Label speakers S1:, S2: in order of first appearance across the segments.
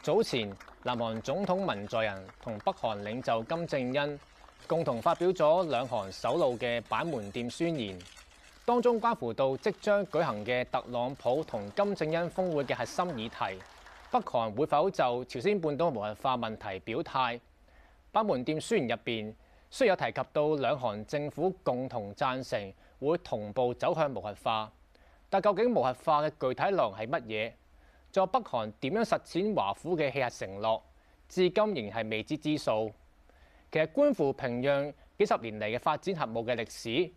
S1: 早前，南韓總統文在寅同北韓領袖金正恩共同發表咗兩韓首腦嘅板門店宣言，當中關乎到即將舉行嘅特朗普同金正恩峰會嘅核心議題，北韓會否就朝鮮半島無核化問題表態？板門店宣言入面雖有提及到兩韓政府共同贊成會同步走向無核化，但究竟無核化嘅具體內容係乜嘢？在北韓點樣實踐華府嘅棄核承諾，至今仍然係未知之數。其實，觀乎平壤幾十年嚟嘅發展核武嘅歷史，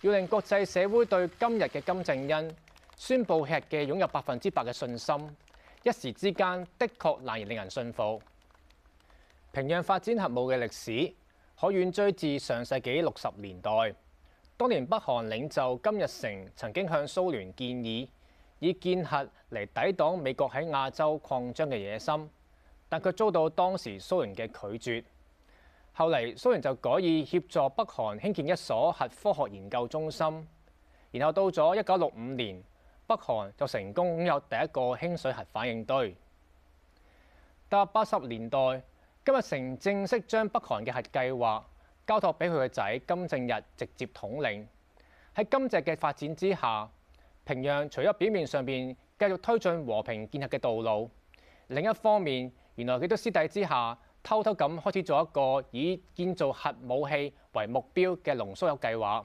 S1: 要令國際社會對今日嘅金正恩宣布棄核嘅擁有百分之百嘅信心，一時之間的確難以令人信服。平壤發展核武嘅歷史可遠追至上世紀六十年代，當年北韓領袖金日成曾經向蘇聯建議。以建核嚟抵擋美國喺亞洲擴張嘅野心，但卻遭到當時蘇聯嘅拒絕。後嚟蘇聯就改以協助北韓興建一所核科學研究中心，然後到咗一九六五年，北韓就成功擁有第一個輕水核反應堆。到八十年代，金日成正式將北韓嘅核計劃交託俾佢嘅仔金正日直接統領。喺金正嘅發展之下，平壤除咗表面上邊繼續推進和平建核嘅道路，另一方面原來佢都私底之下偷偷咁開始咗一個以建造核武器為目標嘅濃縮鈾計劃。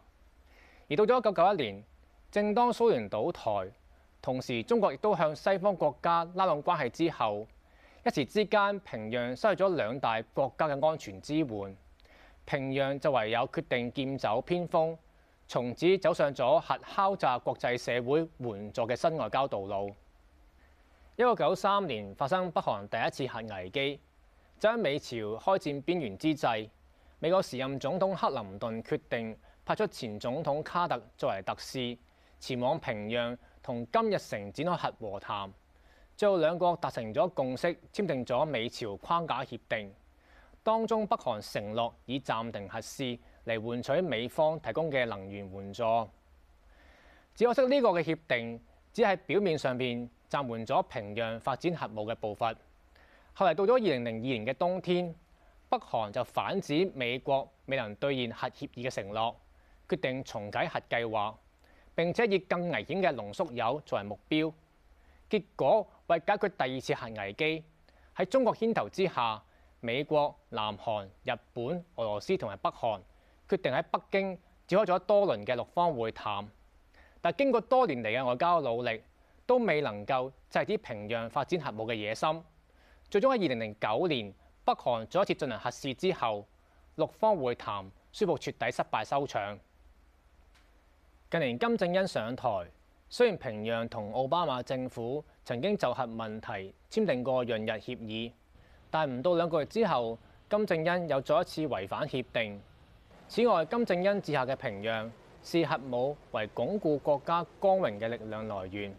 S1: 而到咗一九九一年，正當蘇聯倒台，同時中國亦都向西方國家拉攏關係之後，一時之間平壤失去咗兩大國家嘅安全支援，平壤就唯有決定劍走偏鋒。從此走上咗核敲詐國際社會援助嘅新外交道路。一九九三年發生北韓第一次核危機，就喺美朝開戰邊緣之際，美國時任總統克林頓決定派出前總統卡特作為特使，前往平壤同金日成展開核和談，最後兩國達成咗共識，簽訂咗美朝框架協定。當中北韓承諾以暫停核試嚟換取美方提供嘅能源援助，只可惜呢個嘅協定只係表面上邊暫緩咗平壤發展核武嘅步伐。後來到咗二零零二年嘅冬天，北韓就反指美國未能兌現核協議嘅承諾，決定重啟核計劃，並且以更危險嘅濃縮鈾作為目標。結果為解決第二次核危機，喺中國牽頭之下，美國、南韓、日本、俄羅斯同埋北韓決定喺北京召開咗多輪嘅六方會談，但經過多年嚟嘅外交努力，都未能夠制止平壤發展核武嘅野心。最終喺二零零九年，北韓再一次進行核試之後，六方會談宣布徹底失敗收場。近年金正恩上台，雖然平壤同奧巴馬政府曾經就核問題簽訂過《閏日協議》。但唔到兩個月之後，金正恩又再一次違反協定。此外，金正恩治下嘅平壤視核武為鞏固國家光榮嘅力量來源。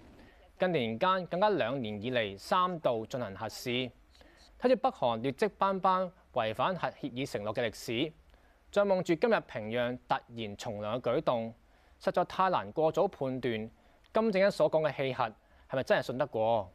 S1: 近年間更加兩年以嚟三度進行核試。睇住北韓劣跡斑斑、違反核協議承諾嘅歷史，再望住今日平壤突然從良嘅舉動，實在太難過早判斷金正恩所講嘅棄核係咪真係信得過。